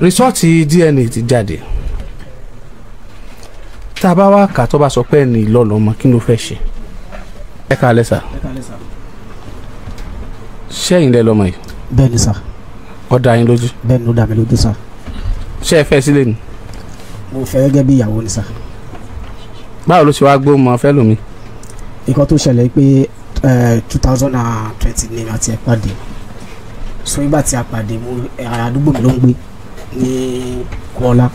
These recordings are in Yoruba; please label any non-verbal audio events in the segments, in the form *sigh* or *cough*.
rìsọ́ọ̀tì DNA ti jáde tá a bá wá kà tó bá sọ pé ẹni ìlọ́lọ́ ọmọ kí ló fẹ́ ṣe ẹ ká lẹ́sà sẹ́yìn lẹ lọ́mọ yìí. bẹ́ẹ̀ni sà. ó dá yín lójú. bẹ́ẹ̀ni ó dá mi lójú sà. ṣé ẹ fẹ́ sílé ni. mo fẹ́ gẹ́gẹ́ bí ìyàwó ni sà. báwo ló ṣe wá gbó mọ fẹ́ lómi. nǹkan tó ṣẹlẹ̀ pé two thousand and twenty ni àti ẹ̀ pàdé so nígbà tí a pàdé àdúgbò mi ló ń gbé ní kọ́lá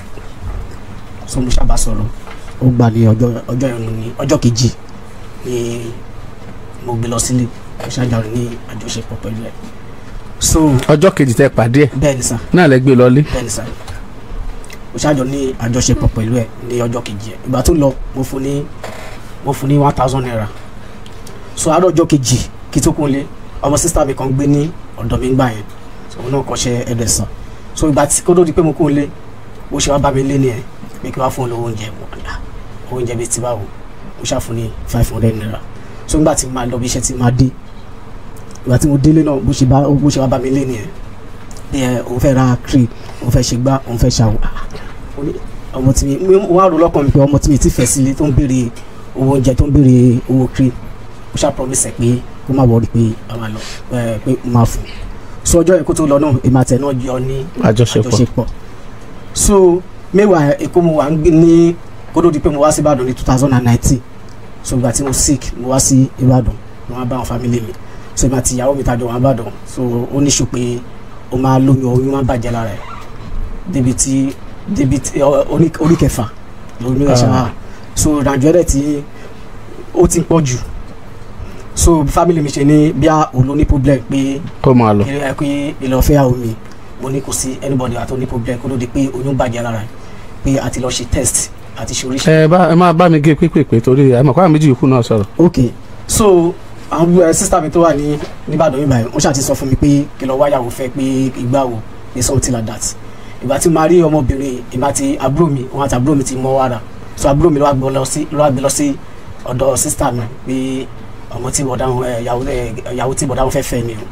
so mo ṣàbà sọ̀rọ̀ ó gbà ní ọjọ́ ọjọ́ ìrìn ní ọjọ́ kejì ní mo gbé lọ sílé mo ṣàjọrìn ní àjọṣepọ̀ pẹ̀lú ẹ̀ so. ọjọ́ kejì tẹ pàdé ẹ̀ bẹ́ẹ̀ ni sà náà lẹ gbé lọlé bẹ́ẹ̀ ni sà mo ṣàjọ ní àjọṣepọ̀ pẹ̀lú ẹ̀ ní ọjọ́ kejì ẹ̀ ìgbà tó lọ mo fún ní mo fún ní one thousand naira so àárọ̀ ọjọ́ kejì kí tó kún lé ọmọ sísá mi kan gbé ní ọ̀dọ̀ mi gbà yẹn so òun náà kọ́ ṣe ẹ̀ẹ́dẹ̀sán so ìgbà tí kó tó di pé mo kó lé bó ṣe wá bá mi lé ni ẹ pé kí wá fún un lówó oúnjẹ mo kàn oúnjẹ bíi ti báwo mo ṣàfún ní five hundred naira so nígbà tí mo máa lọ bí iṣẹ́ tí mo máa dé ìgbà tí mo délé náà bó ṣe bá bó ṣe wá bá mi lé ni ẹ ni ẹ òun fẹ́ ra kiri òun fẹ́ ṣe gbá òun fẹ́ ṣàwọ̀ ah, ọmọ tí mi wọ́n á rò lọ́kàn mi pé ọmọ tí mi ti fẹ́ sílé tó ń béèrè owó oúnjẹ tó ń béèrè owó kiri mo ṣá promise ẹ pé kó má wọrí pé a máa lọ pé mo máa fún un so ọjọ́ yẹn kó tó lọ náà èmi àtẹ̀ náà jọ ní àjọṣepọ̀ so mẹ́wàá èkó mo wà ní kó tó di pé mo wá sí Ìbàdàn ní two thousand and nineteen so ìgbà tí mo sick mo wá sí Ìbàdàn mo wá bá àwọn family mi so èmi àti ìyàwó mi tàjọ wà Ìbàdàn so ó ní ṣùpé ó máa lóyún oyún máa bàjẹ́ lára ẹ̀ débi tí débi tí oríkẹfà lóyún ẹ̀ ṣe ah. so ìrìnàjò ẹ̀rẹ̀ tí ó ti pọ̀ jù so family mi ṣe ní bí a ò ló ní problem pé kó máa lọ ẹ pé ìlọfẹ́ àwọn mi mo ní kò sí anybody àti ní problem kó ló di pé oyún bàjẹ́ lára pé a ti lọ ṣe test àti ṣe oríṣiríṣi. ẹ bá ẹ máa bá mi gé pípèpè torí àmọ́ kó àwọn méjì yòókù náà sọ̀rọ̀. ok so àwọn sísítà mi tó wà ní nìbàdàn yìí báyìí wọ́n ṣáà ti sọ fún mi pé kí lọ wáyà wò fẹ́ pé ìgbà wo ni something like that ìgbà tí màá rí ọmọbìnrin ìgbà tí àbúrò mi òun àti àbúrò mi ti mọ wàrà so àbúrò mi ló wà gbé lọ sí ọ̀dọ̀ sísítà mi pé ọmọ tí bọ̀dá eh, eh, ìyàwó tí bọ̀dá fẹ́ fẹ́ ni o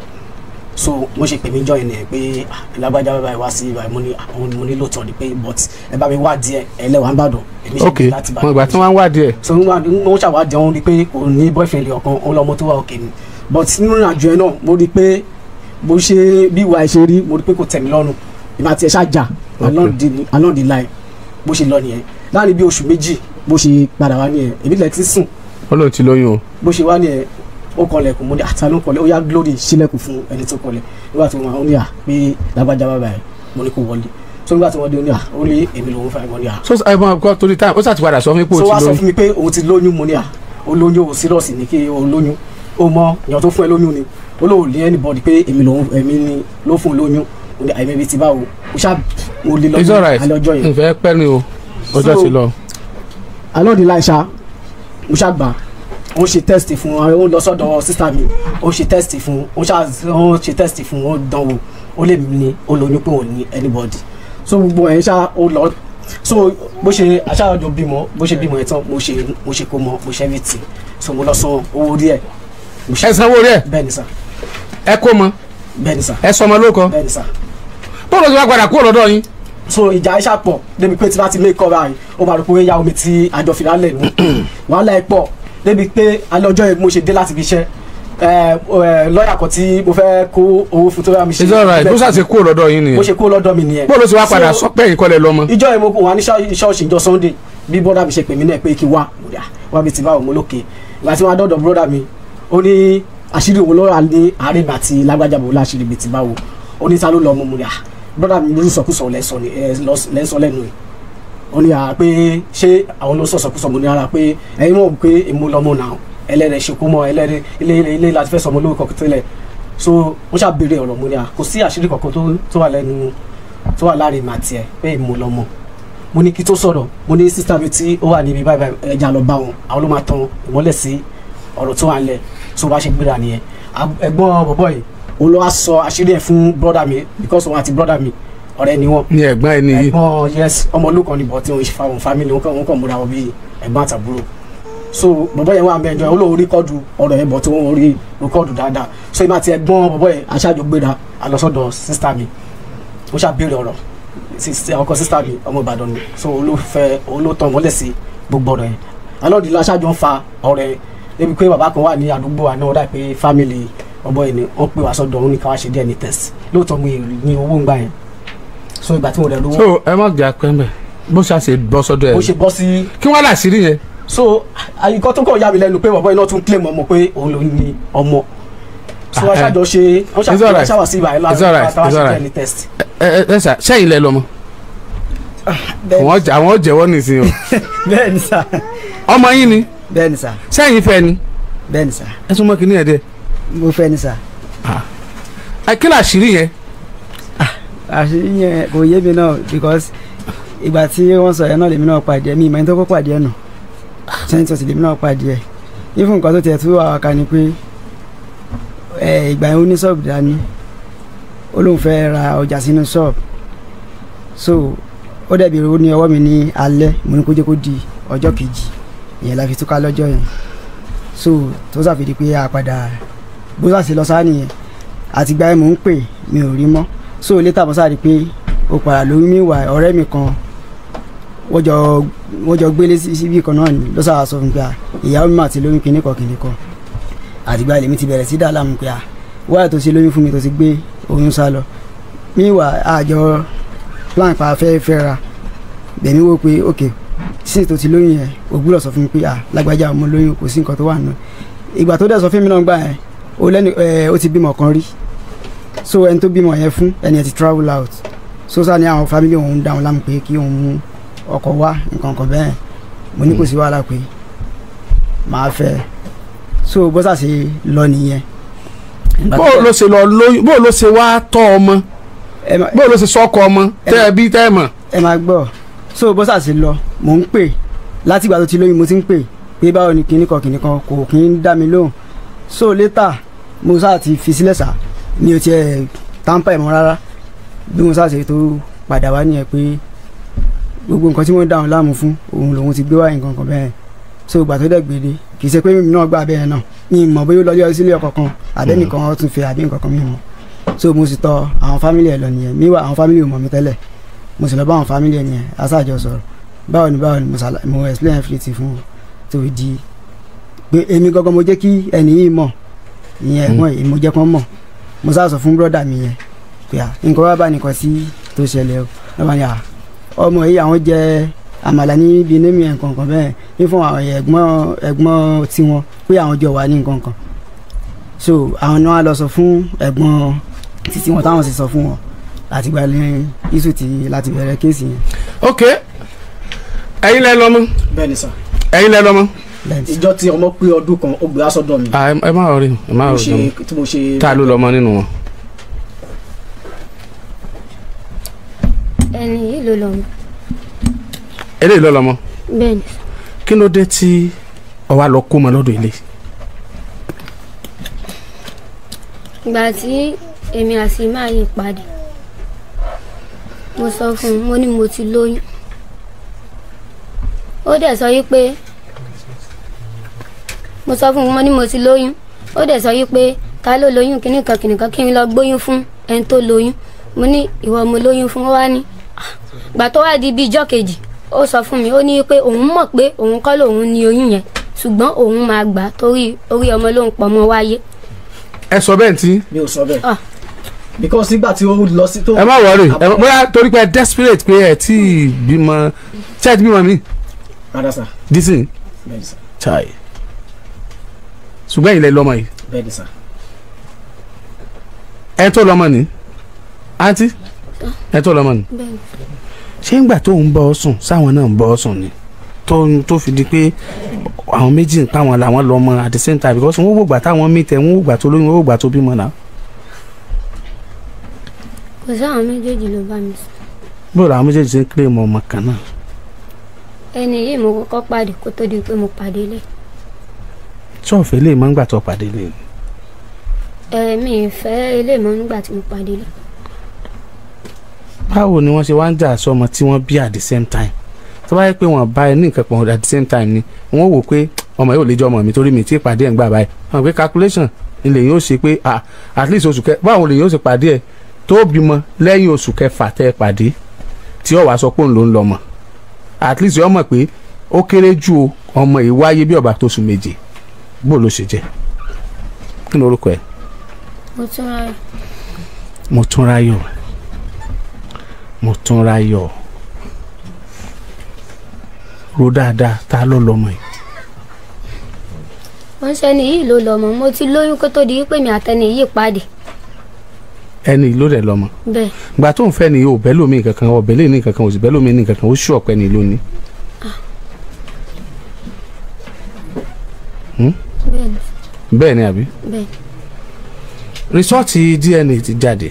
so wọ́n ṣe pè mí jọ́ ìnìyẹn pé ah, lágbájá bàbá ìwá sí ìwà ìmúni àwọn ìmúni lóòótọ́ ni pé but ẹ bá mi wá díẹ̀ ẹlẹ́wàá ń bàdàn èmi ṣe kí láti bàdàn. ok wọn ìgbà tí wọn wá díẹ̀. so wọn ṣàwádìí wọn ni pé kò ní boyfriend ọ̀kan òun lọmọ tó wà òkè ni but nínú ìrìnàjò ẹ náà mo rí i pé bó ṣe bí ìwà ẹ ṣe rí mo rí i pé kò tẹ̀ mí lọ́rùn ìmọ̀ àti ẹ̀ṣá jà along the line bó ṣe lọ nìyẹn láàrin bí oṣù méjì bó ṣe padà wá nìyẹn èmi lẹ ti sùn ó ti lóyún o. bó ṣe wá nìyẹn ó kọlẹ̀ kò mú ní àtà ah, ló ó yá glory sílẹ̀kùn fún ẹni tó kọlẹ̀ nígbà tí wọ́n ní à ah, pé lágbájá bàbá yẹn mo ní kó wọlé so nígbà tí wọ́n dé ní à ah, ó lé èmi lòun fà mọ́ ní à. so àìmọ̀ kọ́ torí táà ó ṣàtìpadà sọ fún mi pé ó ti lóyún. so wá sọ fún mi pé òun ti lóyún mo ní à ó lóyún ó sírọ̀sì ní kí ó lóyún ó mọ ìyàn tó fún ẹ lóyún ni ó lóò lé anybody pé it's alright mo ṣàgbà ó ṣe test fún ó lọ sọ́dọ̀ sísá mi ó ṣe test fún ó ṣe test fún ó dánwò ó lè ní ó lóyún pé òun ní anybody so gbogbo ẹ̀ ń ṣá ó lọ so bó ṣe aṣáájú bímọ bó ṣe bímọ ẹ̀ tán mo ṣe mo ṣe kó mọ mo ṣe everything so mo lọ san owó orí ẹ̀. ẹ sanwó orí ẹ bẹ́ẹ̀ ni sà. ẹ kó mọ bẹ́ẹ̀ ni sà. ẹ sọmọ lóko bẹ́ẹ̀ ni sà. bọ́ọ̀lù ti wá padà kúrò lọ́dọ̀ yín so ìjà iṣẹ́ pọ̀ débi pé tí bá ti lé ikọ́ báyìí ó máa rò pé ya omi tí àjọ fìlálẹ̀ ni *coughs* wàhálà ẹ̀ pọ̀ débi pé alẹ́ ọjọ́ yẹn mo ṣe dé láti fi iṣẹ́ lọ́yà kan tí mo fẹ́ kó owó fún tó bá mi ṣe. ìjọ ra ìbúsà ti kúrò lọ́dọ̀ yín nìyẹn. mo ṣe kúrò lọ́dọ̀ mi nìyẹn. bó ló ti wá padà sọ pé ìkọlẹ̀ lọ́mọ. ìjọ yẹn mo wà ní ṣọ́ọ̀ṣì ìjọ sunday bí bọ́dà mi ṣe pè mí náà pé kí wá ah, wá bí ti bá òun lókè ìgbà tí wọ́n á dọ̀dọ̀ bọ́dà mi ó ní àṣírí òun lọ́ra ní àárẹ̀ bàtí lágbájá bò láṣírí bìtì báwo ó ní ta ló mú mu rà brother mi lórí sọkúsọ lẹ́sọ ni lẹ́sọ lẹ́nu ẹ̀ ó ní ara pé ṣé àwọn ló sọ̀sọ̀kúsọ mo ní ara pé ẹ̀yin mọ̀ pé èmo lọ́mọ náà ẹlẹ́rẹ̀ ṣekú mọ́ ẹlẹ́rẹ̀ ilé ilé láti fẹ́ sọmọ olówó kọ̀ọ̀kan tẹ́lẹ̀ so wọ́n ṣàbẹ̀rẹ̀ ọ̀rọ̀ mo ní à kò sí àṣírí kankan tó wà lẹ́nu tó wà láàrin màá tiẹ̀ pé èmo lọ́mọ mo ní kí tó sọ̀rọ̀ mo ní sísá mi tí ó wà níbi báyìí ẹja lọ bá wọn àwọn ló máa tan ìmọ́lẹ̀ sí ọ̀rọ̀ tó wà ń lẹ̀ tó bá ṣe gbéra nìyẹn ẹ̀gbọ́n bọ̀bọ̀ yìí òun ló wá sọ àṣírí ẹ̀ fún brọ́dà mi because òun àti brọ́dà mi ọ̀rẹ́ ni wọ́n. ní ẹ̀gbọ́n ẹ nìyí. ẹ̀gbọ́n yes ọmọ olùkọ́ ni bọ̀ tí òun ṣe fa òun family òun kàn òun kàn múra wọn bíi ẹ̀gbọ́n àtàbúrò so bọ̀bọ̀ yẹn wà ń bẹ ẹjọ́ ó lóun rékọ́dù ọ̀rọ̀ yẹn bọ̀ tí wọ́n rí rékọ́dù dáadáa so ìmọ̀ àti ẹ̀gbọ́n bọ̀bọ̀ yẹn aṣáájú gbéra àlọ́sọ̀dọ̀ sísítà mi ó ṣàbẹ̀rẹ̀ ọ̀rọ̀ ọkọ sísítà mi ọmọ Ìbàdàn ni so olófẹ́ olótọ̀ mọ́lẹ̀ sí gbogbo ọ̀rọ̀ yẹn alọ́ọ̀dì lọ aṣáájú ń fa ọ̀rẹ́ débi pé bàbá kan wà ní àdúgbò àná ọ̀dà pé family ọbọ yìí ni wọ́n pè wá sọ́dọ̀ òun ní káwá ṣe díẹ̀ ní test lóòótọ́ mi ní owó ń gbà yẹn so ìgbà tí mo dẹ̀ lówó. so ẹ má jà pẹ́ mẹ́ bó ṣe àṣẹ bọ́ sọ́dọ̀ ẹ̀. bó ṣe bọ́ sí. kí wọ́n láṣìírí yẹn. so àyíkọ́ tó kọ̀ yà mí lẹ́nu pé bàbá iná tún claim ọmọ pé òun ló ní ọmọ so wọ́n ṣàjọ ṣe wọ́n ṣàwà sí ìbàyẹ̀ lára káwá ṣe díẹ̀ ní test. ẹ ẹ ṣẹ́yìn lẹ lọ́mọ àwọn jẹ́wọ́ nìsín o. *laughs* bẹ́ẹ̀ni sá. ọmọ yín ni. bẹ́ẹ̀ni sá. sẹ́yìn fẹ́ ni. bẹ́ẹ̀ni sá. ẹ tún mọ́ kínní ẹ̀ dẹ́ mo fẹ́ ni sa. Ah. kí ni àṣírí yẹn. Ah, àṣírí yẹn kò yé mi náà because ìgbà tí wọ́n sọ yẹn náà lèmi náà pàdé mi ìmọ̀ ẹni tó kọ́ pàdé ẹ̀ nù sẹ́ńtọ̀ sì lèmi náà pàdé ẹ̀ even nǹkan tó tiẹ̀ tó wà wákà ni pé ìgbà yẹn ó ní ṣọ́ọ̀bù dání ó lóun fẹ́ ra ọjà sínú ṣọ́ọ̀bù so ó dẹ̀ bèrè ó ní ọwọ́ mi ní alẹ́ mo ní kó jẹ́ kó di ọjọ́ kejì ìyẹn la fi túká lọ́jọ́ yẹn so tó sàfihàn pé a padà bó bá ṣe lọ sá nìyẹn àtìgbà yẹn mò ń pè mi ò rí mọ́ so létà bọ́sà rí i pé ó padà lóyún níwà ọ̀rẹ́ mi kan wọ́n jọ wọ́n jọ gbélé síbí kan náà ni lọ́sà sọ fún mi pé ìyàwó mi mà ti lóyún kinní kan kinní kan àtìgbà lèmi ti bẹ̀rẹ̀ sí dàlá mu pé wáyà tó ṣe lóyún fún mi tó ti gbé oyún sá lọ níwà àjọ plan pa fẹ́ fẹ́ ra bẹ̀mí wò pé ok sísè tó ti lóyún yẹn ògbúrọ̀ sọ fún mi pé lágbájá ọmọ lóyún kò sí nǹkan tó wà nù ìgbà tó dẹ̀ sọ fún mi náà gbà yẹn ó lẹ́nu ẹ ó ti bímọ kan rí so ẹni tó bímọ yẹn fún ẹni ẹ ti travel out so sá ni àwọn family òun dáhùn láàmú pé kí òun mú ọkọ wá nǹkan kan bẹ́ẹ̀ mo ní kò sí wàhálà pé màá fẹ́ so bọ́sà ṣe lọ nìyẹn. bó ló ṣe lọ lóyún bó ló ṣe wá tọ́ ọmọ bó ló ṣe sọ́kọ ọmọ tẹ́ ẹ bí tẹ́ ẹ mọ̀. ẹ máa gbọ́ so bọ́sà ṣe lọ mò ń pè látìgbà tó ti lóyún mo ti ń pè pé báwo ni kinní kan kinní kan kò kí ń dá mi lóhùn so later mo sá ti fi sílẹ̀ sá mi ò tiẹ̀ tampa ẹ̀ mọ́ rárá bí mo sá ṣe tó padà wá nìyẹn pé gbogbo nǹkan tí wọ́n dáhùn láàmú fún òun lòun ti gbé wáyé nǹkan kan bẹ́ẹ̀ so ìgbà tó dẹ̀ gbére kì í ṣe pé mímu náà gbà bẹ́ẹ̀ náà mi mọ̀ bóyá lọ́jọ́ sílé ọ̀kọ̀ọ̀kan àbẹ́nìkan hmm. ó tún fi àbí nǹkan kan mi mọ̀ so mo sì tọ àwọn fámìlì ẹ̀ lọ nìyẹn mi wà àwọn fámìlì ò mọ̀ mi tẹ́lẹ̀ mo sì lọ bá àwọn fámìlì ẹ̀ nìyẹn aṣáájọ sọ̀rọ̀ báwo ni báwo ni mo explain everything fún un tó fi di pé èmi gangan mo jẹ́ kí ẹni yìí mọ̀ ìyẹn hmm. ẹ̀gbọ́n yìí mo jẹ́ kán mọ̀ mo sá sọ fún brọ́dà mi yẹn pé à nǹkan wá bá nìkan sí tó ṣẹlẹ̀ o lọ́wọ́ ni ọmọ yìí àwọn jẹ àmàlà níbi nímì ẹ̀ nǹkankan bẹ́ẹ̀ ní fún àwọn ẹ̀gbọ́n ẹ̀gbọ́n tiwọn pé àwọn jọ wà ní nǹkankan so àwọn náà lọ sọ fún ẹ̀gbọ́n títí wọn táwọn sì sọ fún wọn láti gba ilé isu ti láti bẹ̀rẹ̀ kéèsì yẹn. ok ẹ̀yin lẹ lọ mú. lẹ lọ ìjọ tí ọmọ pé ọdún kan ó gbé aṣọ dán mi. ẹ má rọrí ẹ má rọrí jọmọ tá a ló lọmọ nínú wọn. ẹni yìí ló lọmọ. eléyìí ló lọmọ. bẹ́ẹ̀ni. kí ló dé tí ọ wá lọ kó mọ lọ́dọ̀ ilé. ìgbà tí èmi àti máa yí pàdé mo sọ fún un mo ní mo ti lóyún ó dẹ̀ sọ yí pé mo sọ fún un mo ní mo ti lóyún ó dẹ̀ sọ yìí pé ta ló lóyún kìnnìkan kìnnìkan kí n lọ gbóyún fún ẹni tó lóyún mo ní ìwọ mo lóyún fún ó wá ah. gbà tó wá di bíi ijọ́ kejì ó sọ fún mi ó ní pé òun mọ̀ pé òun kọ́ lòun ní oyún yẹn ṣùgbọ́n òun máa gbà torí orí ọmọ ló ń pọ̀ mọ́ wáyé. ẹ sọ bẹ́ẹ̀ tí. mi ò sọ bẹ́ẹ̀ ah. because nígbà tí ó lọ sí tó. ẹ má wọrí bóyá torí pé desperate pé ẹ tí bímọ ṣé ẹ ti bímọ mi. rárá sá. disin. chai ṣùgbọ́n ilẹ̀ lọ́mọ yìí. bẹ́ẹ̀ni sà. ẹ tó lọ́mọ ni àǹtí ẹ tó lọ́mọ ni. ṣé ńgbà tó ń bọ́ ọ sùn sáwọn náà ń bọ́ ọ sùn ni tó fi di pé àwọn méjì ń pàwọn làwọn lọ́mọ at the same time because wọ́n wò gbà táwọn mí tẹ̀ wọ́n wò gbà tó lóyún wọ́n wò gbà tó bímọ náà. kò sáwọn méjèèjì ló bá mi sùn. bó làwọn méjèèjì ṣe ń kílè mọ ọmọ kan náà. ẹni yìí mo kọ́kọ́ pàdé kó tó di pé mo pàdé lẹ́yìn tó ń fẹ́ lè mọ́ nígbà tó pàdé lè. ẹ̀mí ìfẹ́ ilé mọ́ nígbà tí mo pàdé lè. báwo ni wọ́n ṣe wá ń jà sọmọ tí wọ́n bí at the same time tó bá yẹ pé wọ́n bá ẹ ní nǹkan pọ̀ at the same time ni wọ́n wò pé ọmọ yóò lè jọ ọmọ mi torí mi tí pàdé ẹ̀ ń gbà báyìí wọ́n pé calculation ilé yóò ṣe pé at least oṣù kẹfà báwo lè yóò ṣe pàdé ẹ tó bímọ lẹ́yìn oṣù kẹfà tẹ́ ẹ pàdé tí ó sọ pé òun ló ń lọ mọ̀ at least yọ mọ̀ pé ó kéré ju ọmọ ìwáyé bí ọba tó sùn méje bó ló ṣe jẹ kí ló orúkọ ẹ. Mọ́túnráyọ̀. Mọ́túnráyọ̀ Mọ́túnráyọ̀ ro dáadáa ta ló lọ́mọ yìí. wọ́n ṣe ẹni yìí ló lọ́mọ mo ti lóyún kó tó di pé mi àtẹni yìí pàdé. ẹni ló dẹ̀ lọ́mọ. bẹ́ẹ̀. ìgbà tó ń fẹ́ ni ò bẹ́ẹ̀ lómi kankan ò lè ní kankan ò sì lómi ní kankan ó ṣú ọ̀pẹ ni lónìí. Ah. Hmm? bẹ́ẹ̀ ni àbí rìsọ́ọ̀tì DNA ti jáde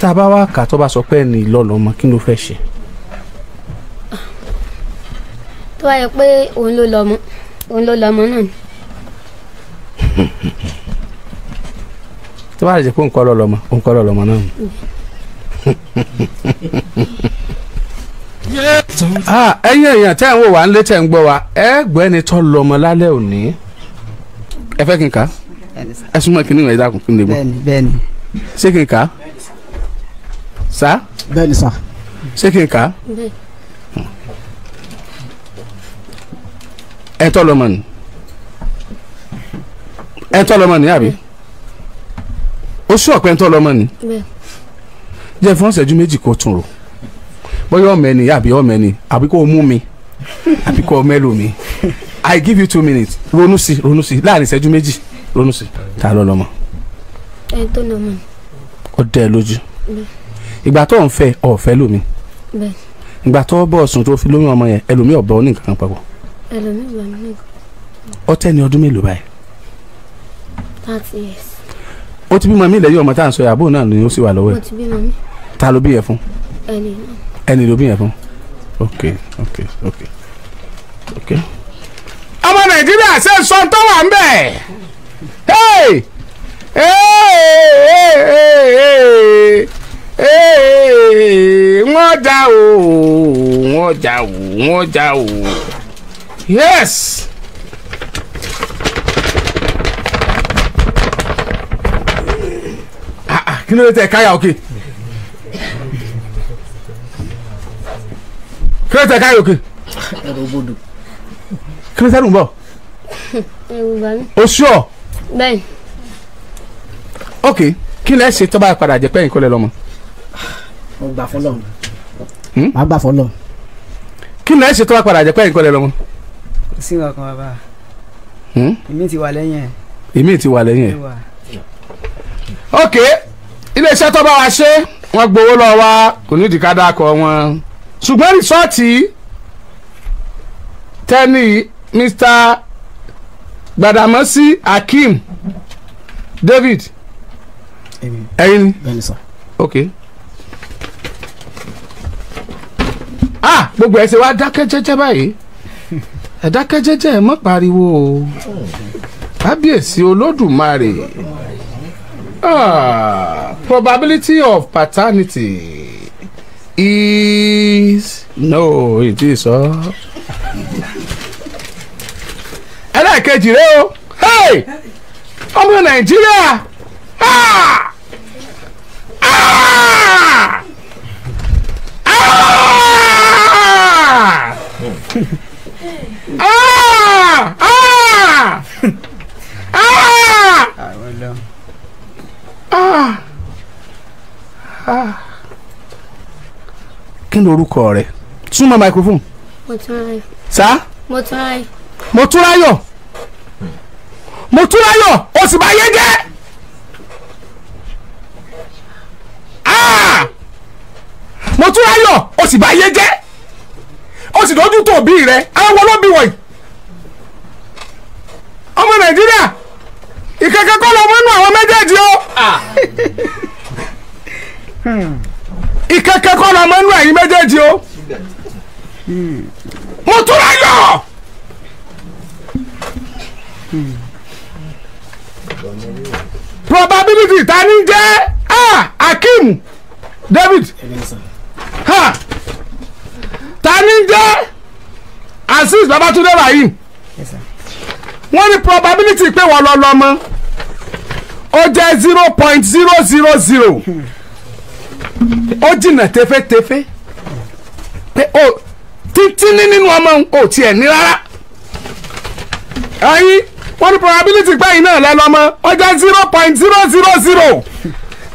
tá a bá wá kà tó bá sọ pé ẹni ìlọlọ ọmọ kí ló fẹ́ ṣe. tó bá yẹ pé òun ló lọmọ òun ló lọmọ náà ni. tó bá yẹ pé òun kọ́ lọ òun kọ́ lọ náà ni. *laughs* Ah, ẹ̀yin èèyàn tẹ́ ń wò wá ń lé tẹ́ ń gbọ́ wa ẹ gbọ́ ẹni tó lọ ọmọ lálẹ́ òní ẹ fẹ́ kí n kà ẹ súnmọ́ kí ni ìwé ìdákùn kí n lè gbọ́ ṣé kí n kà sá bẹ́ẹ̀ni sá ṣé kí n kà ẹ tọ́ lọ́mọ ni ẹ tọ́ lọ́mọ ni àbí oṣù ọ̀pẹ ń tọ́ lọ́mọ ni jẹ́ fún ọ̀sẹ̀ ju méjì kó tún rò bóyá ọmọ ẹni àbí ọmọ ẹni àbí kò mú mi àbí kò mẹ́lò mi i give you two minutes ronú sí ronú sí láàrin ìṣẹ́jú méjì ronú sí ta ló lọ́mọ. ẹni tó lọ́mọ. ó dẹ́ ẹ lójú. ìgbà tó ń fẹ́ ọ̀fẹ́ lómi. ìgbà tó bọ̀ sùn tó fi lóyún ọmọ yẹn ẹlòmíì ọ̀bọ oníkan kan papọ̀. ẹlòmíì ọ̀bọ oníkan. ọtẹ ni ọdún mélòó báyìí. thirty years. ó ti bímọ mi lẹ́yìn ọmọ tá à ń sọ yàgò náà ni ó sì wà lọ́wọ́ ẹ̀. mo ti bímọ ta ló bí yẹ fún. ẹni náà ẹni ló bí yẹn fún ok ok ok ok. ọmọ nàìjíríà ṣe sọ tó wà ń bẹ̀ wọ́n jà o wọ́n jà o wọ́n jà o yes. Ah, ah, kí ló dé tẹ káyà òkè kílódé káyọ̀kì. ẹ̀rọ bodò. kílódé ń bọ̀. ẹ̀rù bá mi. o sure. bẹ́ẹ̀. ok kí lẹ́ ṣe tọ́ba padà jẹ́ pẹ́yìn kó lẹ lọ́mọ. mo gbà fọlọ. Hmm? màá gbà fọlọ. kí lẹ́ ṣe tọ́ba padà jẹ́ pẹ́yìn kó lẹ lọ́mọ. kò sí ìwà kan bàbá. Hmm? èmi ti wà lẹ́yìn ẹ̀. èmi ti wà lẹ́yìn ẹ̀. ok iléeṣẹ́ tọ́ba wa ṣe wọ́n gbowó lọ wa kò nídìí ká kọ wọn ṣùgbọ́n rìsọ́ọ̀tì tẹ́ni Mr. Gbàdámọ́sí Akeem David ẹ̀yin ni ok ah gbogbo ẹ̀ ṣe wá dákẹ́ jẹ́jẹ́ báyìí ẹ̀ dákẹ́ jẹ́jẹ́ ẹ̀ mọ́ pariwo o kábíyèsí olódùmarè ah probability of paternity is. E no it ìtì sọ. ẹlẹ́ẹ̀kejì rẹ o ọmọ nàìjíríà kí ni orúkọ rẹ súnmọ́ microphone. Motúnráyọ̀. sá. Motúnráyọ̀. Motúnráyọ̀ Motúnráyọ̀ o sì bá yé jẹ́. Ah! Motúnráyọ̀ o sì bá yé jẹ́ o sì dojú tó òbí rẹ àwọn olóbi wọ̀nyí ọmọ Nàìjíríà ìkẹ̀kẹ́ kọ́ lọ́mọ inú àwọn méjèèjì o ah! ìkẹ̀kẹ́ kọ́ lọ́mọ inú ẹ̀yin méjèèjì o mo túra yọ. probability ta ni jẹ́ ah Akeem David ha ta ni jẹ́ Azeez Babatunde Raheem wọ́n ní probability Pe wọ́n lọ lọ́mọ ó jẹ́ zero point zero zero zero ó jìnnà tefetefe pé ó. Oh, títí nínú ọmọ kò tiẹ̀ ní rárá ẹ̀yin wọ́n ní probability gbẹ̀yìn náà lẹ́lọ́mọ ọjọ́ zero point zero zero zero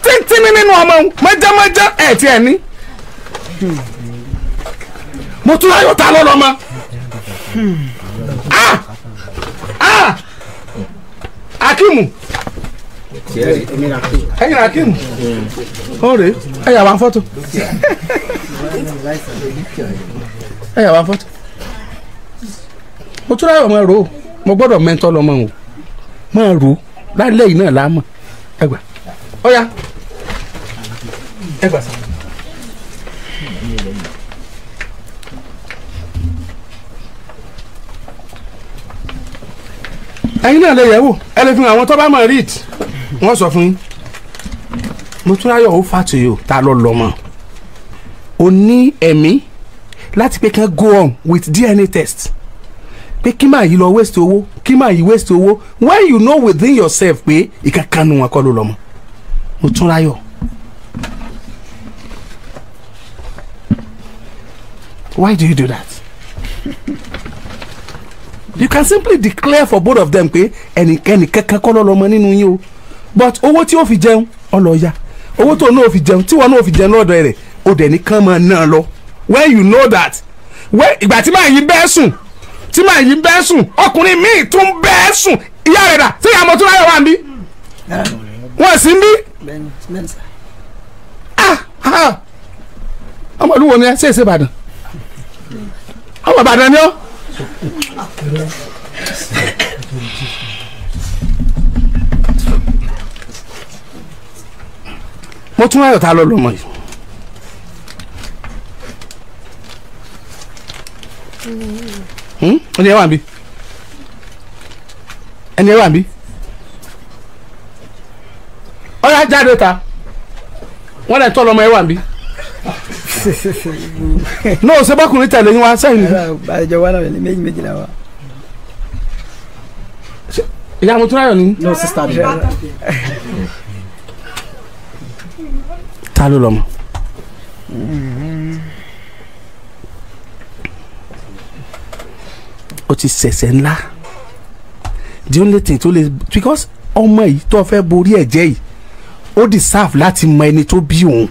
títí nínú ọmọ mọ́jẹ́mọ́jẹ́ ẹ̀ tiẹ̀ ní mo tún ayọ̀ ta lọ́nà ọmọ ah ah akimu ẹyin akimu ọ̀rẹ́ ẹ̀yà wà fọ́tò ẹ yà wá fọ́tò mo tún láyọ̀ máa rò ó mo gbọ́dọ̀ mẹ́ńtọ́ lọ́mọ o máa rò ó lálẹ́ yìí náà láàmú ẹ gbà ó yá ẹ gbà sọ. ẹ̀yin náà lè yẹ̀ wò ẹ lè fi hàn àwọn tó bá mọ̀ read wọ́n sọ fún yín mo tún láyọ̀ ó fàtúyò ta ló lọ́mọ o ní ẹ̀mí láti pé kẹ́ go on with DNA test pé kí máa yí lọ waste owó kí máa yí waste owó when you know within yourself pé ìkankan nu wọn kọ́ ló lọ́mọ mo tún ráyọ̀. Why do you do that? you can simply declare for both of them pé ẹnikẹ́ni kankan kọ́ ló lọ́mọ nínú yín o but owó tí o fi jẹun ọlọ́ọ̀ya owó tó náà fi jẹun tí wọn náà fi jẹun lọ́dọ̀ rẹ̀ ó dẹ̀ ní kán máa ná lọ when you know that when ìgbà tí màá yí bẹ́ẹ̀ sùn tí màá yí bẹ́ẹ̀ sùn ọkùnrin míì tún bẹ́ẹ̀ sùn ìyá rẹ̀ dà sí ìyàmọ̀ tó láyọ̀ wà ń bí wọ́n sì ń bí ah, ah. ọmọ ìlú wo ni ẹ ṣe é ṣe ìbàdàn ọmọ ìbàdàn ni ọ mo tún ayọ̀ ta lọ lọ́mọ yìí ẹni hmm? ẹ wà níbí ẹni ẹ wà níbí ọ̀rẹ́ jáde ta wọ́n lè tọ́ lọ́mọ ẹ wà níbí no ṣe bọ́kùnrin tẹ̀lé yín wá sẹ́yìn nìkan. àjọ wa náà méjì méjì náà wa. ìyá mo tún ráyọ̀ ní. no sista mi. ta ló lọ mọ. ó ti ṣẹ̀ṣẹ̀ ńlá the only thing tó lè because ọmọ yìí tó fẹ́ borí ẹ̀jẹ̀ yìí ó deserve láti mọ ẹni tó bí òun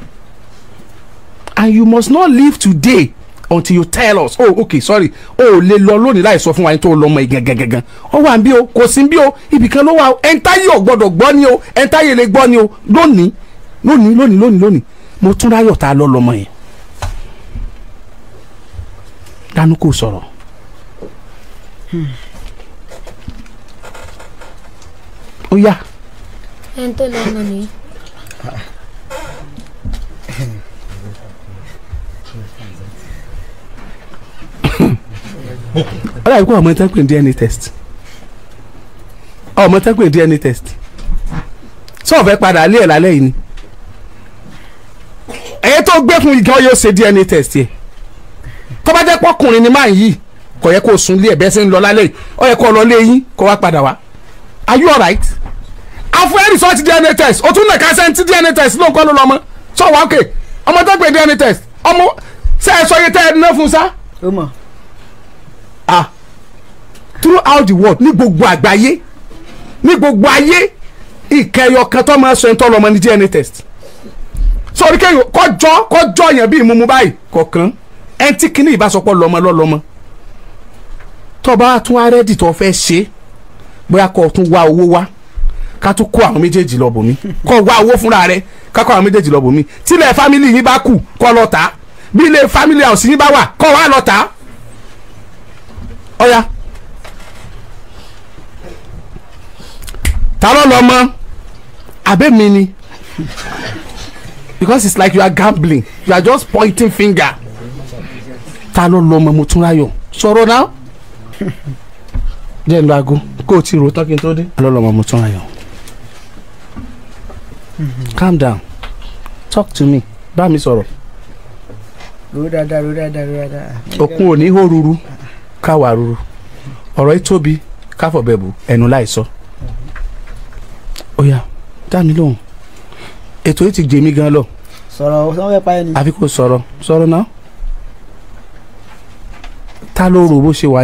and you must not leave today until you tell us oh okay sorry o oh, lè lọ lónìí láì sọ fún wa ẹni tó lọ ọmọ yìí gangan ó wà ń bí o kò sí ń bí o ibìkan ló wà o ẹntáyé ò gbọdọ̀ gbọ́ ni o ẹntáyé lè gbọ́ ni o lónìí lónìí lónìí lónìí lónìí mo tún ráyọ̀ tá a yẹn dánú kò sọ̀rọ̀. Hmm. ó yá. ẹni tó lọ nà ní. ó dàbí pé ọmọ tán pè DNA test ọmọ tán pè ní DNA test sọ fẹ́ padà lé ẹ̀ lálẹ́ yìí ni ẹ̀yẹ tó gbé fún igi ọ yóò ṣe DNA test yẹ tó bá jẹ́ pọ́kùnrin ni máa yìí kò yẹ kó sùn lé ẹ̀bẹ́ sí ń lọ lálẹ́ yìí yẹ kó lọ lé yín kó wá padà wá are you alright afẹ́ result dna test o tún nà ká sẹ́ńtì dna test ló ń kọ́ ló lọ mọ́ sọ wá òkè ọmọ tó gbé dna test ọmọ sẹ́ ẹ sọ yẹ tẹ́ ẹ ná fún sá. ah throughout the world ní gbogbo àgbáyé ní gbogbo ayé ìkẹyọ kan tó máa sọ ẹ̀ńtọ́ lọ́mọ ní dna test sọ̀rí kẹ́yìn kọjọ́ kọjọ́ yẹn bíi mumu báyìí kọ̀ọ̀kan ẹ̀ńtí kìíní ìbásọpọ̀ lọ́mọ lọ́lọ́mọ. Lo tó bá tún wá rẹ́dì tó fẹ́ ṣe bóyá kó o tún wá owó wá ká tún kó àwọn méjèèjì lọ bòmí kó wá owó fúnra rẹ ká kó àwọn méjèèjì lọ bòmí tílẹ̀ fámìlì yín bá kù kó lọ tà bí ilé fámìlì house yín bá wà kó wá lọ tà ọ̀ya ta ló lọ mọ abẹ́ mi ni because it's like you are gambling you are just pointing finger ta ló lọ mọ mo tún ráyọ̀ sọ̀rọ̀ náà jẹ́ ń lo kó o ti rò tọ́kí tó dé. ọlọ́lọ́mọ mo tún ayọ̀. calm down talk to me bá mi sọ̀rọ̀. ro dáadáa ro dáadáa ro dáadáa. òkun ò ní hó ruru ká wà ruru ọ̀rọ̀ yìí tóbi káfọ̀bẹ̀ bù ẹnu láì sọ. oya dá mi lóhùn ètò yìí ti jẹ mí gan lọ. sọ̀rọ̀ sọ́wọ́n fẹ́ pa ẹni. àfi kò sọ̀rọ̀ sọ̀rọ̀ náà ta ló rò bó ṣe wà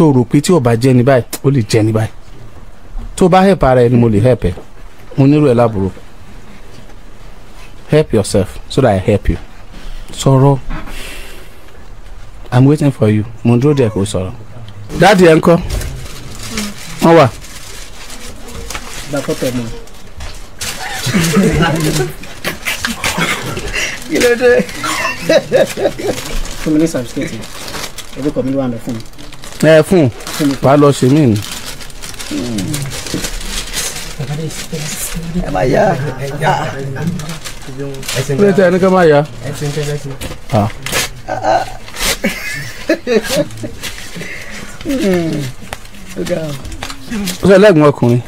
tó rò pé tí ò bá jẹ́ ní báyìí ó lè jẹ́ ní báyìí tó bá help ara ẹ ni mo lè help mo nírò ẹ lábúrò help yourself so that I help you sọ̀rọ̀ I'm waiting for you mo dúró díẹ̀ kó sọ̀rọ̀ dáàdì ẹ̀ ń kọ́ wọ́n wà. dàpọ̀tọ̀ mi. kí ló dé. *laughs* fún mi ní sàbísíkẹ́tì orúkọ mi ló wà lọ fún mi ẹ fún wàá lọ ṣe mí ni. ẹ máa yá kílẹ̀ tí ẹnìkan máa yá. Ah. ó sọ lẹ́gùn ọkùnrin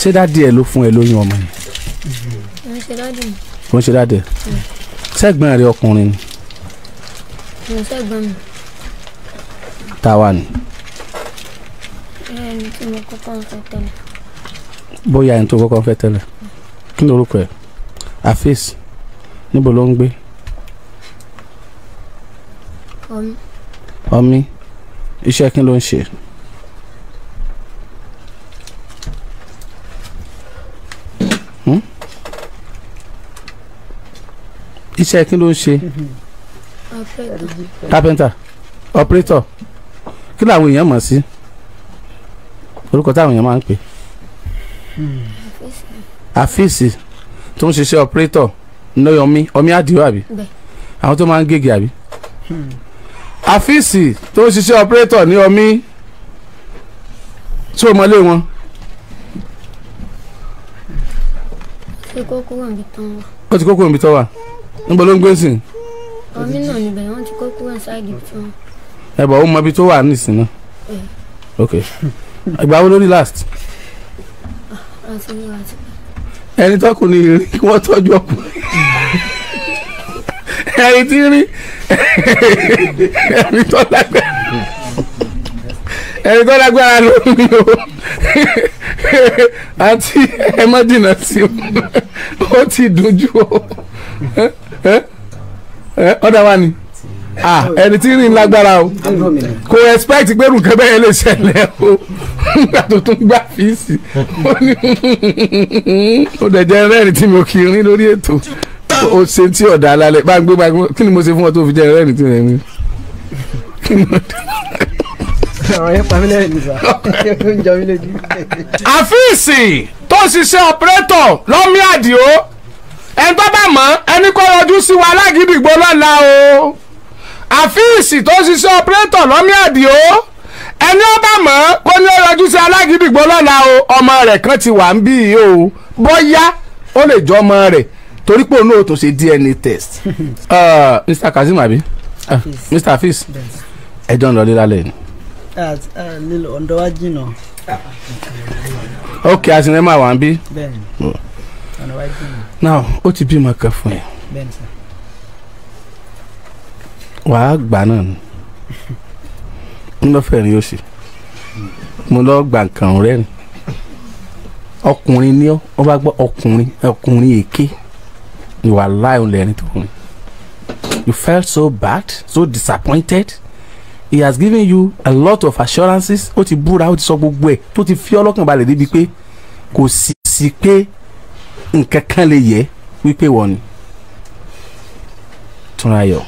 ṣé dáàdì ẹ ló fún ẹ lóyún ọmọ yìí. ó ń ṣe dáàdì. sẹ́gbọ́n mm. rẹ ọkùnrin ni. sẹ́gbọ́n mi tá a wà nù. bóyá ẹni tó kọ́kọ́ fẹ́ tẹ́lẹ̀ kí ni orúkọ ẹ̀ afis níbo ló ń gbé. ọmí iṣẹ́ kí ló ń ṣe. Hmm? iṣẹ́ kí ló ń ṣe. kápẹ́ntà ọ̀pẹ́tọ̀ kí làwọn èèyàn mọ̀ sí orúkọ táwọn èèyàn máa ń pè àfíìsì tó ń ṣiṣẹ́ ọ̀pẹ́rẹ́tọ̀ lóyún ọmí ọmí àdìo àbí àwọn tó máa ń gègé àbí àfíìsì tó ń ṣiṣẹ́ ọ̀pẹ́rẹ́tọ̀ ní ọmí tó mọ́lé wọn. ó ti kókó níbi tó wà níbo ló ń gbé sí. ọmí náà níbẹ̀ wọ́n ti kókó wọn ṣáà ìdìbò ẹ bọ̀ ó mọ ibi tó wà nísìn náà mm. ok ìgbà wo lórí last. ẹni tọkùnrin rí wọ́n tọ́jú ọkùnrin ẹni tí rí ẹni tó lágbára ẹni tó lágbára lórí o àti ẹ má dìnnà sí o ó ti dùn jù o ọ̀dà wa ni. Ah, ẹni tí rìn lágbára o kò expect pé nǹkan bẹ́ẹ̀ lè ṣẹlẹ̀ o nígbà tó tún gbà fíìsì ó ní ó dẹ̀ jẹ́ rẹ́rìn tí mo kì í rìn lórí ètò ó ṣe tí ọ̀dà alálẹ̀ bá ń gbé bá ń gbé kí ni mo ṣe fún ọ tó fi jẹ́ rẹ́rìn tí mo rìn kí ni mo dé ọ̀rọ̀ yẹn pa mí lẹ́rìn nígbà ó àfíìsì tó ṣiṣẹ́ ọ̀pẹ́rẹ́tọ̀ lọ́mí àdìo ẹni bá mọ̀ ẹni kọ́ yọjú sí wa alágídìgbò lọ́la o àfíìsì tó ṣiṣẹ́ ọpẹ́rẹ́tọ̀ lọ́mí àdìo ẹni ó bá mọ̀ ọ́ kó ní ó yọjú sí alágídìgbò lọ́la o ọmọ rẹ̀ kan ti wà ń bí yìí o bóyá ó lè jọ ọmọ rẹ̀ torí pé òun náà tó ṣe DNA test uh, *laughs* Mr. Kazeem abi Mr. Afis ẹjọ́ ń lọ lílá lẹ́yìn. lílo ọ̀dọ́ wa jìnnà. ok asinrẹ́ máa wà ń bí. now o ti bímọ kan fún yẹn. sir wàá gbà náà ni mo lọ fẹ̀rín òsì mo lọ gbà nǹkan rẹ̀ ni ọkùnrin ni ọ ọ bá gbọ́ ọkùnrin ọkùnrin èké ìwà láìun lẹ́rìn tó rìn you felt so bad so disappointed he has given you a lot of assurances ó ti búra ó ti sọ gbogbo ẹ̀ tó ti fi ọlọ́kàn balẹ̀ débi pé kò sì sí pé nǹkan kan lè yẹ wípé wọ́n ni túnra yọ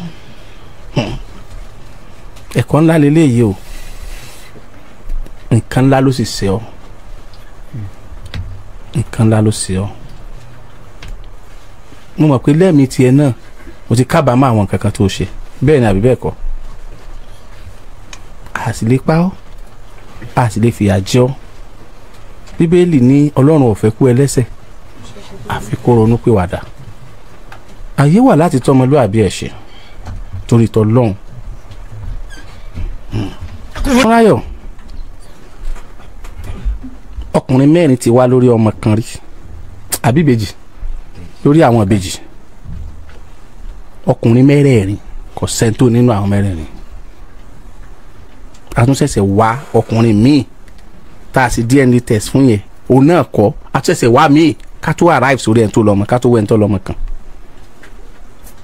ẹ̀kọ́ ńlá leléyìí o nǹkan ńlá ló sì ṣe ọ nǹkan ńlá ló ṣe ọ mo mọ̀ pé lẹ́ẹ̀mí tiẹ̀ náà mo ti kábàámọ̀ àwọn nǹkan kan tó ṣe bẹ́ẹ̀ ni àbí bẹ́ẹ̀ kọ́ a sì ọ́ a sì lè fìyà jẹ ọ́ bíbélì ní ọlọ́run ò fẹ́ kú ẹlẹ́ṣẹ̀ àfi kó ronú pìwàdà àyè wà láti tọ́ ọmọlúwàbí ẹ̀ ṣe torí tọlọ́hún. ọ̀ráyọ̀ ọkùnrin mẹ́rin ti wá lórí ọmọ kan rí àbí ìbejì lórí àwọn ìbejì ọkùnrin mẹ́rẹ̀ẹ̀rin kò sẹ́ńtò nínú àwọn mẹ́rẹ̀ẹ̀rin a tún ṣẹ̀ṣẹ̀ wá ọkùnrin míì tá a sì DNA test fún yẹn òun náà kọ́ a tún ṣẹ̀ṣẹ̀ wá míì ká tó arrive sórí ẹ̀ tó lọ́mọ ká tó wẹ̀ ń tọ́ lọ́mọ kan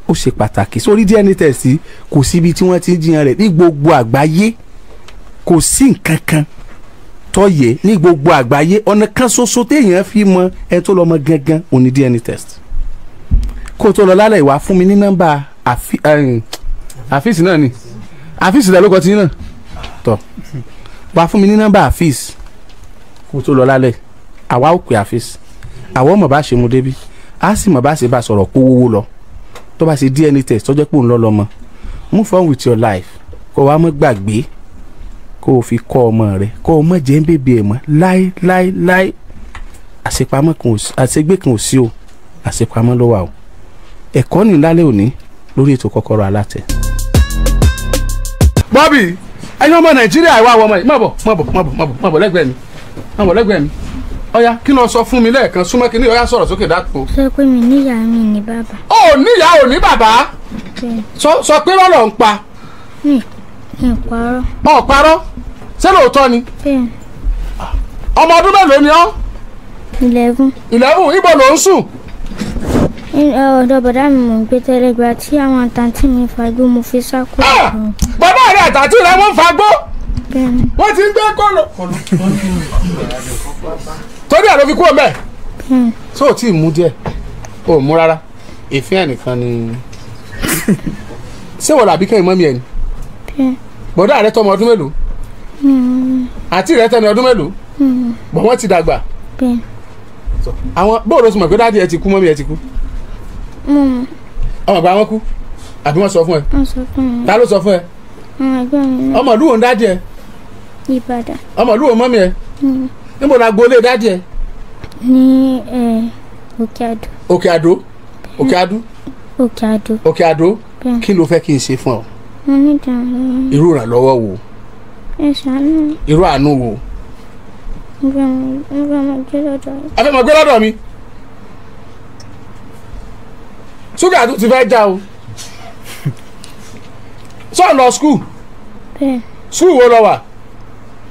ó ṣe pàtàkì sórí DNA test kò síbi tí wọ́n ti ń jiyàn rẹ̀ ní gbogbo àgbáyé kò sí nǹkan kan tó yẹ ní gbogbo àgbáyé ọ̀nà kan ṣoṣo téèyàn fi mọ ẹ tó lọ́mọ gangan òní DNA test kó tó lọ lálẹ́ ìwà fún mi ní nọ́mbà àfíìsì náà ni àfíìsì náà ló kọ́ tí náà tọ́ wà fún mi ní nọ́mbà àfíìsì kó tó lọ lálẹ́ àwa ò pè àfíìsì àwa ọmọ bá ṣe mu débi a sì mọ̀ bá ṣe bá sọ̀rọ̀ kó lọ tó bá ṣe DNA test tọ́jọ́ pò ń lọ́ lọ́mọ move on with your life kó wàá mọ́ gbàgbé kó o fi kọ́ ọmọ rẹ kó o mọ̀ jẹ́ ń bèbè ẹ̀ mọ́ láéláéláé àṣepamọ́ kan ò sí àṣegbé kan ò sí o àṣepamọ́ ló wà o ẹ̀kọ́ ní lálẹ́ òní lórí ètò kọ́kọ́rọ́ alátẹ. Bobby ẹni ọmọ Nàìjíríà ìwà àwọn ọmọ yìí má bọ̀ má bọ̀ má bọ̀ má bọ̀ lẹ́gbẹ̀ẹ́ mi má bọ̀ lẹ́gbẹ̀ẹ́ mi ọ̀ya kí ló sọ fún mi lẹ́ẹ̀kan súnmọ́ kí ni ọ̀ya sọ̀rọ̀ sókè dàpọ̀. sọ pé mi níyà mi ní bàbá. ó níyà ò ní bàbá. sọ pé rọrọ ń pa. mi ò parọ́. ọ̀ parọ́ ṣé lóòótọ́ ni. ọmọ ọdún mélòó ni ọ́. ìlẹ́gùn. ìlẹ́gùn ibo ló ń sùn. ọ̀dọ̀ bàdá mi mò ń gbé tẹ́lẹ̀ gba tí àwọn àtàntì mi fagbó mo fi sá kúrò. Ah! bàbá rẹ àtàntì rẹ wọ́n fagbó. wọ́n ti ń gbé kọ́lọ̀ torí àlọ́ fi kú ọmọ ẹ̀ tó tí ì mú díẹ̀ ò mú rárá èéfín ẹ̀ nìkan ni ṣé wọ́n làbí kẹ́hìn mọ́mí ẹ̀ ni bọ́dá rẹ tọmọ ọdún mélòó hmm. àǹtí rẹ tẹni ọdún mélòó hmm. bọ̀ wọ́n ti dàgbà àwọn bóòrò sùnmọ̀ pé dáàdi ẹ ti kú mọ́mí ẹ ti kú hmm. ọmọ àgbà wọn kú àbí wọn sọ fún ẹ ta ló sọ fún ẹ ọmọ ìlú wo ń dáàdi ẹ ọmọ ìlú wo mọ́mí ẹ níbo la gbolé dáàdì ẹ. ní eh, òkè àdó. òkè àdó òkè àdó. òkè àdó. òkè àdó kí ló fẹ́ kí n ṣe fún ọ. mo ní ìdààmú. irú ìrànlọ́wọ́ wo. ẹ ṣàánú. irú àánú wo. mo fẹ́ máa gbé lọ́dọ̀ mi. a fẹ́ máa gbé lọ́dọ̀ mi. ṣúgà tó ti fẹ́ já o. sọ *laughs* lọ skul. bẹ́ẹ̀. skul wo lọ wà.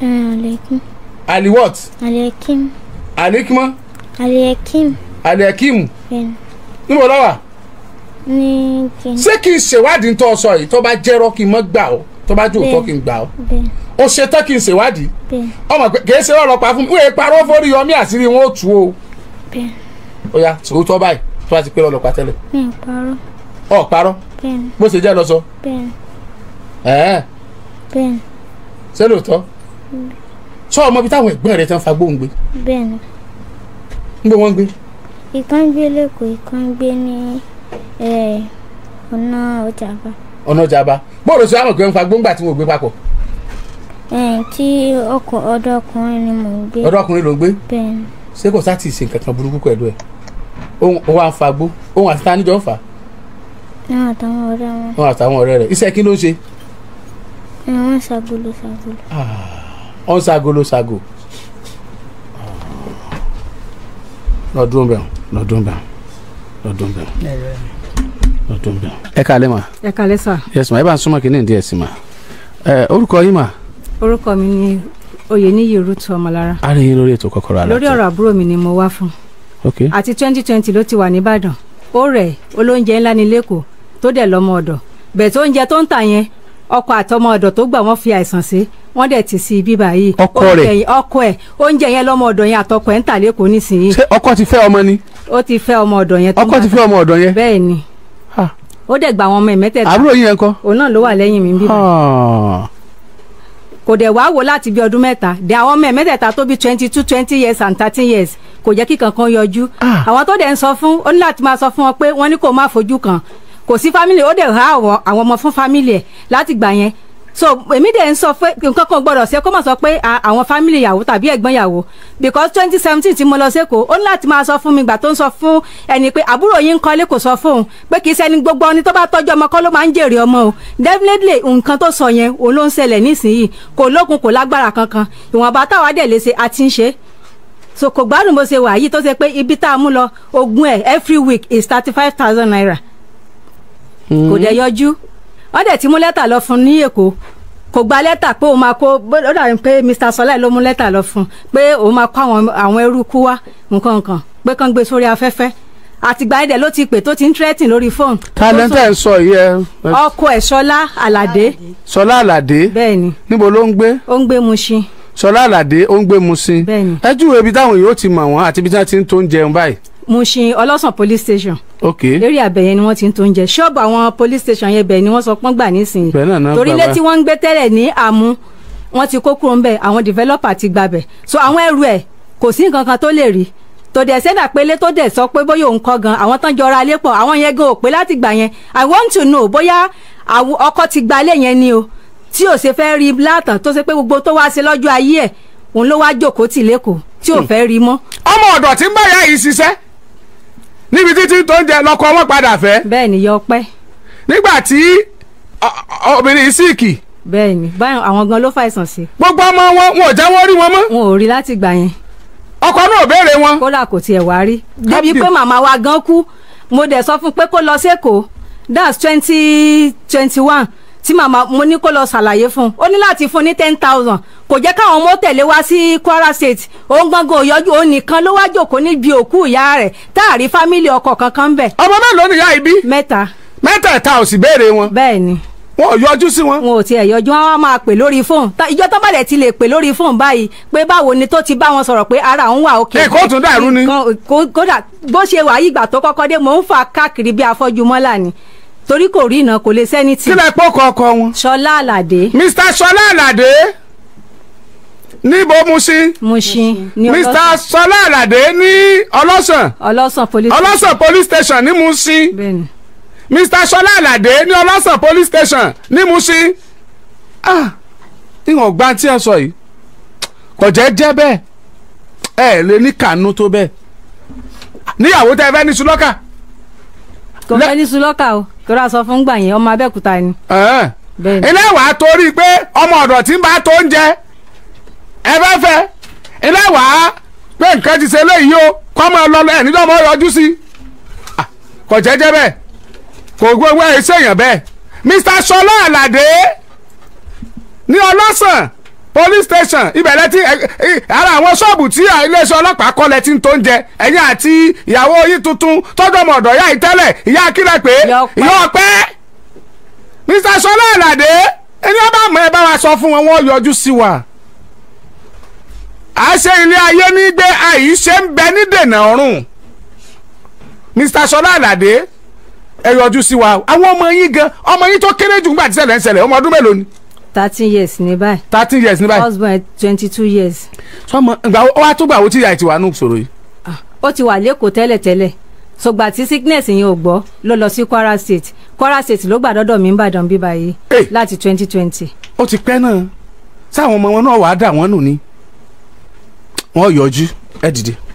ẹ ẹ ali what. aliakim. alikima. aliakim. aliakim. níbo ló wà. ní kí. ṣé kí n ṣèwádìí tó sọ yìí tó bá jẹ́rọ́ kí n mọ́ gbà ọ́ tó bá jòótọ́ kí n gbà ọ́ o ṣe tán kí n ṣèwádìí ọmọ pé kì í ṣe ọ̀rọ̀ pa fún mi wíwèé parọ́ fórí yọmí àṣírí wọn ò tú o ó yá sòótọ́ báyìí tó bá ti pé ọlọ́pàá tẹ́lẹ̀ ọ parọ́ bó ṣe jẹ́ lọ sọ ṣé sọ ọmọ bíi táwọn ẹ̀gbọ́n rẹ tán fa gbóhùn gbé. bẹ́ẹ̀ni. ń gbé wọn gbé. ìkan gbé lẹ́kọ̀ọ́ ìkan gbé ní ọ̀nà ọjà bá. ọ̀nà ọjà bá bóòlù sọ àmọ̀ pé ń fa gbóngbà tí wọn ò gbé papọ̀. tí ọkọ ọ̀dọ̀ ọkùnrin ni mò ń gbé. ọ̀dọ̀ ọkùnrin ló ń gbé. bẹ́ẹ̀ni. ṣé kò sá ti ṣe nǹkan kan burúkú pẹ̀lú ẹ̀ òun à ń fa gbó òun àti ta níjọ́ ń fà. òun àtàwọn ọ̀rẹ́ wọn. òun àtàwọn ọ̀rẹ́ rẹ̀ iṣẹ́ kí ló ń ṣe. wọ́n ṣàgbọ́lù ṣàgbọ́lù. Ah. ọ sagolo sago lọdún bẹ lọdún bẹ lọdún bẹ lọdún bẹ. ẹ kálẹ́ ma. ẹ kálẹ́ sà. yes ma ẹ bá ń súnmọ́ kínní díẹ̀ sí ma ẹ orúkọ yín ma. orúkọ mi ni oyeniyi rutu ọmọlára. a rí yín lórí ètò ala àlàtọ̀. lórí ọ̀rọ̀ àbúrò mi ni mo wá fún. ok àti twenty twenty ló ti wà nìbàdàn ó rẹ̀ olóúnjẹ ńlá ní lẹ́kọ̀ọ́ tó dẹ̀ lọ́mọ ọ̀dọ̀ bẹ̀ẹ̀ tó oúnjẹ tó ń tà yẹn ọkọ àtọmọ ọ̀dọ̀ tó gbà wọ́n fi àìsàn sí wọ́n dẹ̀ ti sí bíbá yìí ọkọ rẹ̀ ọkọ ẹ̀ oúnjẹ yẹn lọ́mọ ọ̀dọ̀ yẹn àtọkọ ẹ̀ ń tà lẹ́kọ̀ọ́ nísìnyí. ṣé ọkọ ti fẹ́ ọmọ ni. ó ti fẹ́ ọmọ ọ̀dọ̀ yẹn. ọkọ ti fẹ́ ọmọ ọ̀dọ̀ yẹn. bẹ́ẹ̀ ni ó dẹ̀ gba àwọn ọmọ ẹ̀ mẹ́tẹ̀ẹ̀ta. àbúrò yín yẹn kọ́. òun náà ló wà lẹ́yìn mi bíbá. kò dẹ̀ wá wò láti bí ọdún mẹ́ta dẹ̀ àwọn ọmọ ẹ̀ mẹ́tẹ̀ẹ̀ta tó bí twenty two twenty years and thirteen years kò jẹ́ kí kankan yọjú. àwọn tó dẹ̀ ń sọ fún ó ní láti máa sọ fún wọn pé wọ́n ní kó má fojú kan kò sí fámìlì ó dẹ̀ há àwọn ọmọ fún fámìlì ẹ̀ láti gbà yẹn so èmi dẹ̀ ń sọ pé nǹkan kan gbọ́dọ̀ ṣe kó má sọ pé àwọn fámìlì ìyàwó tàbí ẹ̀gbọ́n ìyàwó because twenty seventeen tí mo lọ sẹ́kọ̀ọ́ ó ní láti máa sọ fún mi gbà tó ń sọ fún ẹni pé àbúrò yín ń kọ́lé kò sọ fún un pé kì í ṣẹni gbogbo ọni tó bá tọ́jú ọmọ kọ́ ló máa ń jèrè ọmọ o definitely nǹkan tó sọ yẹn òun ló ń ṣẹlẹ̀ nísìnyí kò lókun kò lágbára kankan ìwọ̀nba táwa dẹ̀ lè ṣe àti ń ṣe so kò gbádùn bó ṣe wà yìí tó ṣe pé ibi tá a mú lọ ogún ẹ̀ every week is thirty five thousand naira kò dẹ̀ yọjú wọ́n dẹ̀ ti mú lẹ́tà lọ fún ní èkó kò gba lẹ́tà pé òun máa kó ó dàbí pé Mr Sọláì ló mú lẹ́tà lọ fún un pé òun máa kó àwọn eruku wá nǹkan nǹkan pé kán gbé sórí afẹ́fẹ́ àtìgbà ẹ̀dẹ̀ ló ti pè tó ti ń tírẹ́tìn lórí fóònù. tálẹ́ntẹ̀ ń sọ yìí ẹ. ọkọ ẹ̀ Sọlá Àlàdé. Sọlá Àlàdé. bẹ́ẹ̀ni. níbo ló ń gbé. ó ń gbé Mùṣín. Sọlá Àlàdé ó ń gbé Mùṣín. bẹ́ẹ̀ni. ẹ júwe ibi táwọn yóò ti mọ̀ wọ́n àti ibi tí wọ́n ti ń tó ń báyìí. Mushin ọlọ́sàn police station. ok lórí àbẹ̀yẹ ni wọ́n ti ń tó oúnjẹ ṣọ́ọ̀bù àwọn police station yẹn bẹ̀ ni wọ́n sọ pọ́n gbà nísìnyí torí ilé tí wọ́n ń gbé tẹ́lẹ̀ ní àmú wọ́n ti kó kúrò ń bẹ̀ àwọn developer ti gbabẹ̀ so àwọn ẹrù ẹ̀ kò sí nǹkan kan tó lè rí tó dẹ̀ sẹ́dà pélé tó dẹ̀ sọ pé bóyá òun kọ́ gan àwọn tán jọra alẹ́ pọ̀ àwọn yẹn gan ò pé láti gbà yẹn i want to know bóyá ọkọ ti gba alẹ́ yẹn ni o tí ò ṣe fẹ́ rí látàn tó ṣe pé gbogbo tó wá ṣe lọ́jọ́ ayé ẹ̀ òun ló wá jókòó tì lẹ́kọ̀ọ́ tí ò hmm. fẹ́ rí mọ́. ọmọ ọ̀dọ̀ tí ń bá ìyá yìí ṣiṣẹ́ níbi títí tó ń jẹ lọ́kọ wọn padà fẹ́. bẹ́ẹ̀ ni yọ pẹ́. nígbà tí obìnrin síìkì. bẹ́ẹ̀ ni báyọ̀ àwọn gan ló fàìsàn sí. gbogbo ọmọ wọn wọn ò jáwọ́ rí wọn mọ́. wọn ò rí láti gbà yẹn. ọkọ náà béèrè wọn. kódà kò tiẹ̀ wá rí. débi pé màmá wa gan kú mo dẹ̀ sọ fún pé kó lọ sí Èkó that's twenty twenty one tí màmá mo ní kó lọ ṣàlàyé fún un ó ní láti fún un ní ten thousand kò jẹ́ káwọn ọmọ tẹ̀lé wá sí Kwara State òun gbọ́ngàn òyọ́jú òun nìkan ló wá jòkó níbi òkú ìyá rẹ̀ táàrí fámìlì ọkọ kankan bẹ̀. ọmọ mélòó nìyá ibi. mẹ́ta. mẹ́tẹ̀ẹ̀ta ò sì béèrè wọn. bẹ́ẹ̀ ni wọn ò yọjú sí wọn. wọn ò tiẹ̀ yọjú wọn wá máa pè lórí fóònù ìjọ tó bàdẹ̀ ti lè pè lórí fóònù báyìí pé báwo ni tó ti bá wọn sọ̀rọ̀ pé ara òun wà òkè. èkó tún dàrú ni. kódà bó ṣe wà yìí ìgbà tó kọ́kọ́ dé mò ń fa káàkiri bí afọ́jú mọ́lá ni torí kò rí iná kò lè sẹ́ni tì. kílẹ̀ pọ̀ kọ̀ọ̀kan wọn. ṣọlá àlàdé. mr ṣọlá àlàdé níbo Mushin. Mushin ní ọlọ́sàn. mr ṣọlá àlàdé ní ọlọ́sàn. ọlọ́sàn police station. ọlọ́sàn police station ní Mushin. bẹ́ẹ̀ni. mr ṣọlá àlàdé ní ọlọ́sàn police station ní Mushin. ah ìwọ̀n gbá tí ẹ sọ yìí kò jẹ́ jẹ́ bẹ́ẹ̀ ẹ lè ní kànú tó bẹ́ẹ̀ níyàwó tẹ fẹ́ ní sulọ́kà. kò fẹ́ ní sulọ́kà o torí a sọ fún gbà yẹn ọmọ abẹ́òkúta ni. ilé ìwà torí pé ọmọ ọ̀dọ̀ tí ń bá tó ń jẹ ẹ fẹ́ fẹ́ ilé ìwà pé nǹkan ti ṣe léyìí o kọ́ máa lọ ẹ̀ níjọ́ mọ́ yọjú sí kò jẹ́jẹ́ bẹ́ẹ̀ kò gbogbo ẹ̀ ṣèyàn bẹ́ẹ̀ Mr. Ṣọlá Àlàdé ní ọlọ́sàn police station ibẹ̀ lẹ́tí ara àwọn ṣọ́ọ̀bù tí iléeṣẹ́ ọlọ́pàá kọ́ lẹ́tí tó ń jẹ ẹ̀yìn àti ìyàwó yìí tuntun tọ́jọ́mọ̀ ọ̀dọ̀ yá ìtẹ́lẹ̀ ìyá akílẹ̀ pé ìyá ọ̀pẹ́ Mr. Ṣọlá Àlàdé ẹni ọba àmọ́ ẹ bá wa sọ fún wọn wọ́n yọjú sí wa. àṣẹ ilé ayé ní gbé àìṣe ń bẹ ní dènà ọ̀run Mr. Ṣọlá Àlàdé ẹ yọjú sí wa àwọn ọmọ yín gan ọmọ yín tó kéré jù ńgbà tí ṣẹlẹ̀ ń ṣẹlẹ̀ ọmọ ọdún mélòó ni thirteen years ní báyìí. thirteen years ní báyìí. husband twenty two years. sọmọ ìgbà ó wá tó gbà ó ti yà ètò wa nù sọ̀rọ̀ yìí. Ah, ó ti wà lẹ́kọ̀ọ́ tẹ́lẹ̀tẹ́lẹ̀ sọgbà tí sickness yẹn ò gbọ́ ló lọ sí kwara state kwara state ló gbà dọ́dọ̀ mi ń bàdàn bíbá yìí eh! láti twenty twenty. ó ti pẹ́ náà sáwọn ọmọ wọn náà wàá dà wọ́n nù ni wọ́n yọjú ẹ̀ dìde.